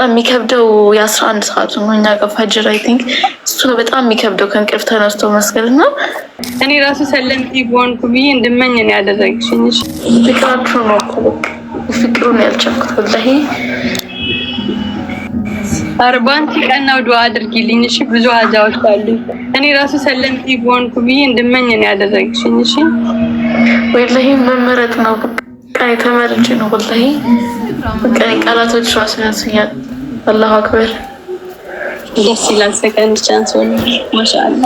በጣም የሚከብደው የአስራ አንድ ሰዓቱ ነው። እኛ ጋር ፈጅር አይ ቲንክ እሱ ነው በጣም የሚከብደው ከእንቅልፍ ተነስቶ መስገድ እና እኔ ራሱ ሰለምቲ በሆንኩ ብዬ እንድመኝ ነው ያደረግሽኝ። ፍቅራችሁ ነው እኮ ፍቅሩን ያልቻልኩት ወላሂ። አርባንቲ ቀናው ዱዓ አድርጊልኝ እሺ። ብዙ አዛዎች አሉ። እኔ ራሱ ሰለምቲ በሆንኩ ብዬ እንድመኝ ነው ያደረግሽኝ። እሺ ወላሂ መመረጥ ነው በቃ የተመረጭ ነው ወላሂ በቃ ቃላቶች ራሱ ያንሱኛል። አላሁ አክበር ደስ ይላል። ሰከንድ ቻንስ ሆነ። ማሻአላ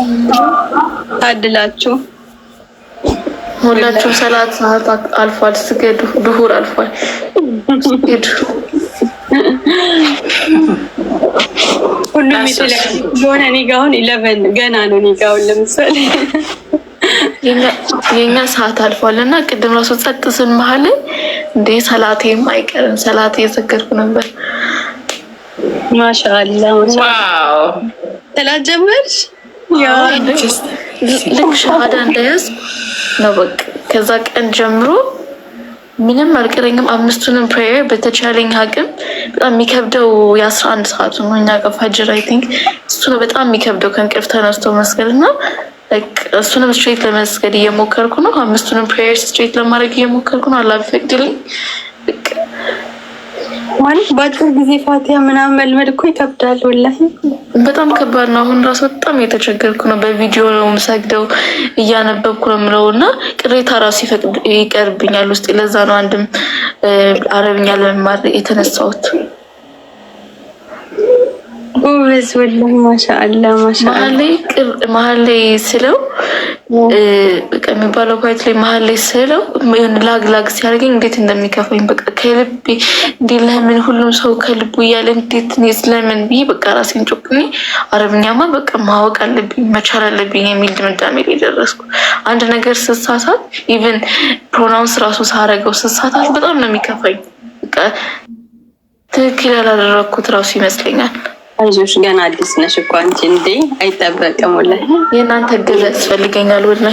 ታድላችሁ። ሁላችሁም ሰላት ሰዓት አልፏል። ስገዱ። ድሁር አልፏል። ስገዱ። ሁሉም የሆነ እኔ አሁን ኢለቨን ገና ነው። እኔ አሁን ለምሳሌ የኛ ሰዓት አልፏል እና ቅድም ራሱ ጸጥ ስን መሀል እንዴ ሰላቴም አይቀርም ሰላቴ የዘገርኩ ነበር ማሻአላ ዋው ተላት ጀመርሽ። ልክ ሻሃዳ እንደያዝ ነው በቃ። ከዛ ቀን ጀምሮ ምንም አልቀረኝም። አምስቱንም ፕሬየር በተቻለኝ አቅም በጣም የሚከብደው የአስራ አንድ ሰዓቱ ነው እኛ ጋር ፋጅር አይ ቲንክ እሱ ነው በጣም የሚከብደው ከእንቅልፍ ተነስቶ መስገድ እና እሱንም ስትሬት ለመስገድ እየሞከርኩ ነው። አምስቱንም ፕሬየር ስትሬት ለማድረግ እየሞከርኩ ነው። አላፈቅድልኝ ማለት በአጭር ጊዜ ፋቲያ ምናምን መልመድ እኮ ይከብዳል። ወላ በጣም ከባድ ነው። አሁን ራሱ በጣም የተቸገርኩ ነው። በቪዲዮ ነው የምሰግደው እያነበብኩ ነው የምለው እና ቅሬታ ራሱ ይቀርብኛል ውስጥ ለዛ ነው አንድም አረብኛ ለመማር የተነሳሁት። ውብስ ወላሂ ማሻአላ ማሻአላ መሀል ላይ ስለው በቃ የሚባለው ላይ መሀል ላይ ስለው ላግ ላግ ሲያደርገኝ እንዴት እንደሚከፋኝ በቃ ከልቤ እንዲ ለምን ሁሉም ሰው ከልቡ እያለ እንዴት ስለምን ብዬ በቃ ራሴን አረብኛማ በቃ ማወቅ አለብኝ መቻል አለብኝ የሚል ድምዳሜ ላይ ደረስኩ። አንድ ነገር ስሳሳት ኢቨን ፕሮናውንስ ራሱ ሳረገው ስሳሳት በጣም ነው የሚከፋኝ። በቃ ትክክል ያላደረግኩት ራሱ ይመስለኛል። አይዞሽ ገና አዲስ ነሽ እኮ አንቺ እንዴ አይጠበቅም። ወላሂ የእናንተ ግዝ ያስፈልገኛል ወድና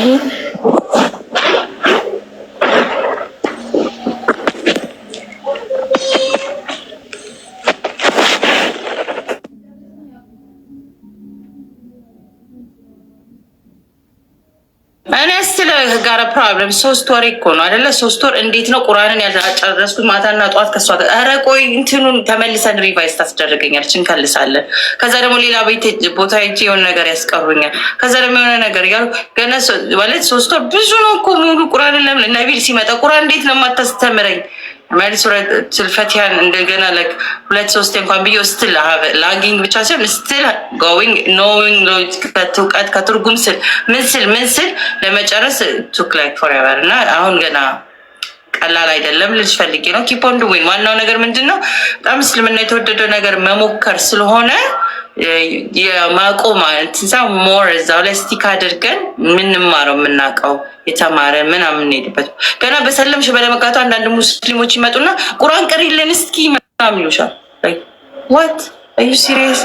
ጋር ፕሮብለም ሶስት ወር እኮ ነው አደለ? ሶስት ወር እንዴት ነው ቁርአንን ያጨረስኩት? ማታና ጠዋት ከሷ ጋር ኧረ ቆይ እንትኑን ተመልሰን ሪቫይዝ ታስደርገኛለች፣ እንከልሳለን። ከዛ ደግሞ ሌላ ቤት ቦታ ሄጄ የሆነ ነገር ያስቀሩኛል። ከዛ ደግሞ የሆነ ነገር ያሉ ገና ማለት ሶስት ወር ብዙ ነው እኮ ሙሉ ቁርአንን ለምን ነቢል ሲመጣ ቁርአን እንዴት ነው የማታስተምረኝ? ማሪ ስልፈቲያን እንደገና ሁለት ሶስት እንኳን ብዬ ስትል ላጊንግ ብቻ ሲሆን ስትል ጎዊንግ ኖዊንግ ከትውቀት ከትርጉም ስል ምን ስል ምን ስል ለመጨረስ ቱክ ላይክ ፎርቨር እና አሁን ገና ቀላል አይደለም። ልጅ ፈልጌ ነው ኪፖንድ ዊን ዋናው ነገር ምንድን ነው? በጣም እስልምና የተወደደው ነገር መሞከር ስለሆነ የማቆም እዛ ሞር እዛው ላይ ስቲክ አድርገን ምንማረው የምናውቀው የተማረ ምን ምንሄድበት ገና በሰለምሽ በለመጋቱ አንዳንድ ሙስሊሞች ይመጡና ቁርአን ቅሪልን እስኪ ምናምን ይሉሻል። ዋት አዩ ሲሪየስ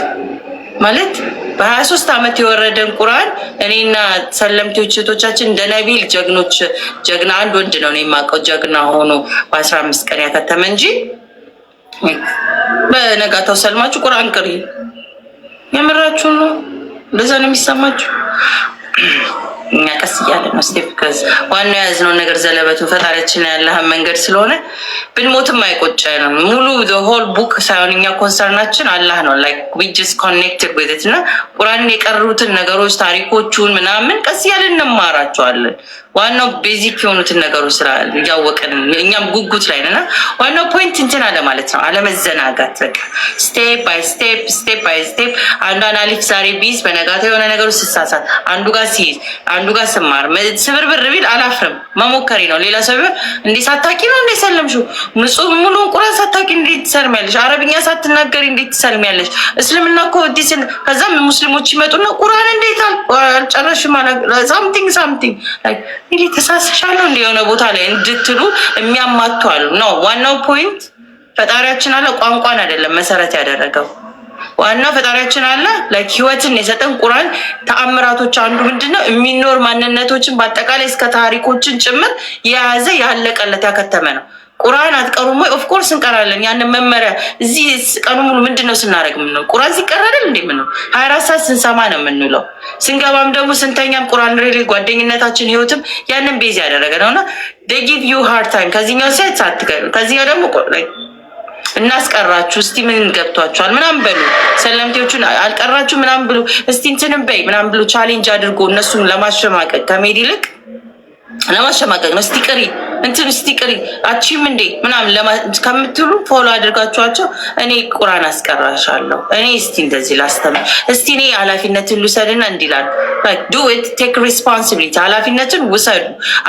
ማለት በሀያ ሶስት አመት የወረደን ቁርአን እኔና ሰለምቴዎች እህቶቻችን እንደ ነቢል ጀግኖች ጀግና አንድ ወንድ ነው የማውቀው ጀግና ሆኖ በአስራ አምስት ቀን ያታተመ እንጂ በነጋታው ሰልማችሁ ቁርአን ቅሪ የምራችሁ ነው። እንደዛ ነው የሚሰማችሁ። እኛ ቀስ እያለ ነው ስቴፕ ከዚ ዋናው የያዝነውን ነገር ዘለበቱ ፈጣሪያችን ያለህን መንገድ ስለሆነ ብንሞትም አይቆጨንም። ሙሉ ሆል ቡክ ሳይሆን እኛ ኮንሰርናችን አላህ ነው። ዊ ዊጅስ ኮኔክትድ ኢት እና ቁራን የቀሩትን ነገሮች ታሪኮቹን ምናምን ቀስ እያለ እንማራቸዋለን። ዋናው ቤዚክ የሆኑትን ነገሮች ስራ እያወቅን እኛም ጉጉት ላይ ነና፣ ዋናው ፖይንት እንትን አለ ማለት ነው። አለመዘናጋት በቃ ስቴፕ ባይ ስቴፕ ስቴፕ ባይ ስቴፕ አንዱ አናሊክ ዛሬ ቢዝ በነጋታ የሆነ ነገሩ ስሳሳት አንዱ ጋር ሲይዝ አንዱ ጋር ስማር ስብርብር ቢል አላፍርም። መሞከሬ ነው። ሌላ ሰው እንዴ ሳታቂ ነው እንዴ ሰለምሽው? ምጹም ሙሉ ቁራን ሳታቂ እንዴት ትሰልሚያለሽ? አረብኛ ሳትናገሪ እንዴት ትሰልሚያለሽ? እስልምና እኮ ዲስ ከዛም ሙስሊሞች ይመጡና ቁራን እንዴት አልጨረሽም? ሳምቲንግ ሳምቲንግ ይሄ ተሳስሻለሁ እንደ የሆነ ቦታ ላይ እንድትሉ የሚያማቱ አሉ ነው። ዋናው ፖይንት ፈጣሪያችን አለ፣ ቋንቋን አይደለም መሰረት ያደረገው። ዋናው ፈጣሪያችን አለ፣ ላይክ ህይወትን የሰጠን ቁራን ተአምራቶች አንዱ ምንድን ነው የሚኖር ማንነቶችን በአጠቃላይ እስከ ታሪኮችን ጭምር የያዘ ያለቀለት ያከተመ ነው። ቁርአን አትቀሩም ወይ? ኦፍኮርስ እንቀራለን። ያንን መመሪያ እዚህ ቀኑ ሙሉ ምንድን ነው ስናደርግ ምንነው ቁርአን ሲቀር እንዴ ምንነው ሀያ አራት ሰዓት ስንሰማ ነው የምንውለው። ስንገባም ደግሞ ስንተኛም ቁርአን ሬሊ ጓደኝነታችን ህይወትም ያንን ቤዝ ያደረገ ነው እና ጊቭ ዩ ሃርድ ታይም ከዚህኛው ሴት ሳትገሩ ከዚህኛው ደግሞ እናስቀራችሁ እስቲ ምን ገብቷችኋል ምናምን በሉ ሰለምቴዎቹን አልቀራችሁ ምናምን ብሎ እስቲ እንትንም በይ ምናምን ብሎ ቻሌንጅ አድርጎ እነሱን ለማሸማቀቅ ከሜድ ይልቅ ለማሸማቀቅ ነው እስቲ ቅሪ እንትን እስቲ አቺም እንዴ ምናምን ከምትሉ ፎሎ አድርጋችኋቸው እኔ ቁራን አስቀራሻለሁ። እኔ እስቲ እንደዚህ ላስተም እስቲ እኔ ኃላፊነትን ልውሰድና እንዲላሉ ዱ ኢት ቴክ ሪስፖንሲቢሊቲ ኃላፊነትን ውሰዱ።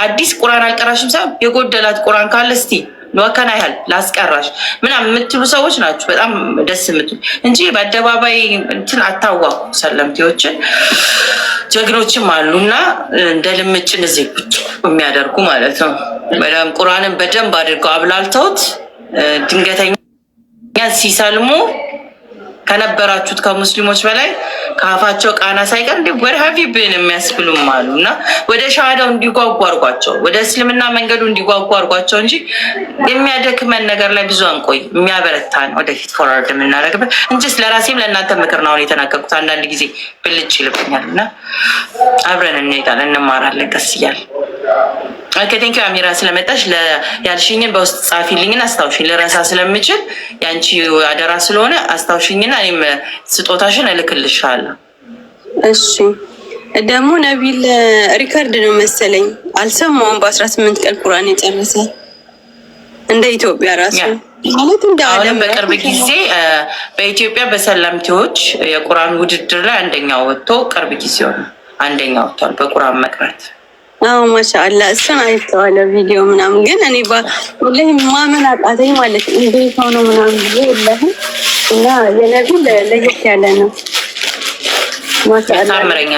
አዲስ ቁራን አልቀራሽም ሳይሆን የጎደላት ቁራን ካለ እስቲ ወከና ያህል ላስቀራሽ ምናምን የምትሉ ሰዎች ናችሁ። በጣም ደስ የምትሉ እንጂ በአደባባይ እንትን አታዋቁ። ሰለምቴዎችን ጀግኖችም አሉና እንደ ልምጭን እዚህ ቁጭ የሚያደርጉ ማለት ነው። መዳም ቁርአንን በደንብ አድርገው አብላልተውት ድንገተኛ ሲሰልሙ ከነበራችሁት ከሙስሊሞች በላይ ከአፋቸው ቃና ሳይቀር እንዲ ወደ ሀቢብን የሚያስብሉም አሉ እና ወደ ሻሃዳው እንዲጓጉ አድርጓቸው፣ ወደ እስልምና መንገዱ እንዲጓጉ አድርጓቸው እንጂ የሚያደክመን ነገር ላይ ብዙ አንቆይ። የሚያበረታን ወደፊት ፎርዋርድ የምናደርግበት እንጂ ለራሴም ለእናንተ ምክር ነው የተናገርኩት። አንዳንድ ጊዜ ብልጭ ይልብኛል እና አብረን እንሄዳለን፣ እንማራለን ቀስ እያለ ከቴንኪ አሚራ ስለመጣሽ ያልሽኝን በውስጥ ጻፊልኝን አስታውሽኝ። ልረሳ ስለምችል የአንቺ አደራ ስለሆነ አስታውሽኝና እኔም ስጦታሽን እልክልሻለሁ። እሺ ደግሞ ነቢል ሪከርድ ነው መሰለኝ አልሰማውም። በአስራ ስምንት ቀን ቁርአን የጨረሰ እንደ ኢትዮጵያ ራሱ ማለት እንደ አለም በቅርብ ጊዜ በኢትዮጵያ በሰላምቲዎች የቁርአን ውድድር ላይ አንደኛ ወጥቶ ቅርብ ጊዜ ሆነ አንደኛ ወጥቷል በቁርአን መቅረት። አዎ ማሻአላ እሱን አይተዋለ ቪዲዮ ምናምን፣ ግን እኔ ሁላ ማመን አቃተኝ ማለት እንዴት ሆነ ምናምን ብዬ የለህም እና የነቢል ለየት ያለ ነው። ታምረኛ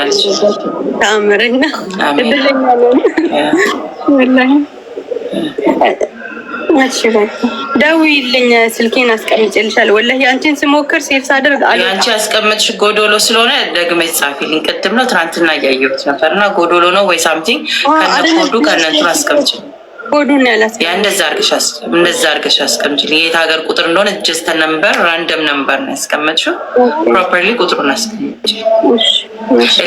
ስልኬን አስቀምጬልሻለሁ። ወላሂ አንቺን ስሞክር ሴፍ ሳደርግ አንቺ ያስቀምጥሽ ጎዶሎ ስለሆነ ደግመሽ ጻፊልኝ። ቅድም ነው ትናንትና እያየሁት ነበርና ጎዶሎ ነው ወይ ሳምቲንግ ከነ ኮዱ ከነ እንትኑ ጎዱን ያላት እንደዛ አርገሽ እንደዛ አርገሽ የት ሀገር ቁጥር እንደሆነ ጀስት ነምበር ራንደም ነምበር ነው ያስቀመጥሽው። ፕሮፐርሊ ቁጥሩን አስቀምጪ።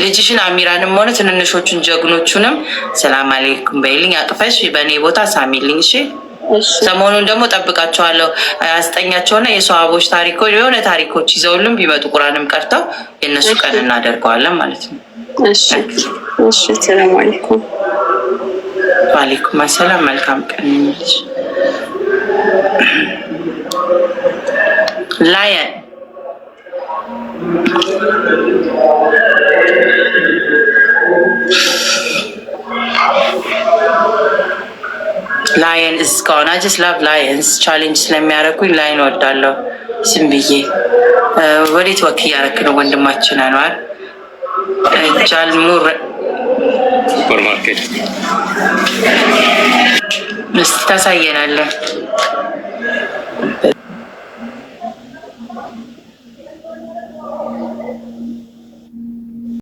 ልጅሽን አሚራንም ሆነ ትንንሾቹን ጀግኖቹንም ሰላም አለይኩም በይልኝ፣ አቅፈሽ በእኔ ቦታ ሳሚልኝ። እሺ ሰሞኑን ደግሞ ጠብቃቸዋለሁ። አስጠኛቸውና የሰዋቦች ታሪኮች የሆነ ታሪኮች ይዘውልን ቢመጡ ቁራንም ቀርተው የእነሱ ቀን እናደርገዋለን ማለት ነው። ሰላም ዋሌኩም አሰላም። መልካም ቀን ይመልሽ። ላየን ላየን እስካሁን አጀስ ላቭ ላየንስ ቻሌንጅ ስለሚያደርጉኝ ላይን ወዳለው ዝም ብዬ ወዴት ወክ እያረክ ነው? ወንድማችን አኗል ጃልሙር ሱፐርማርኬት ታሳየናለን።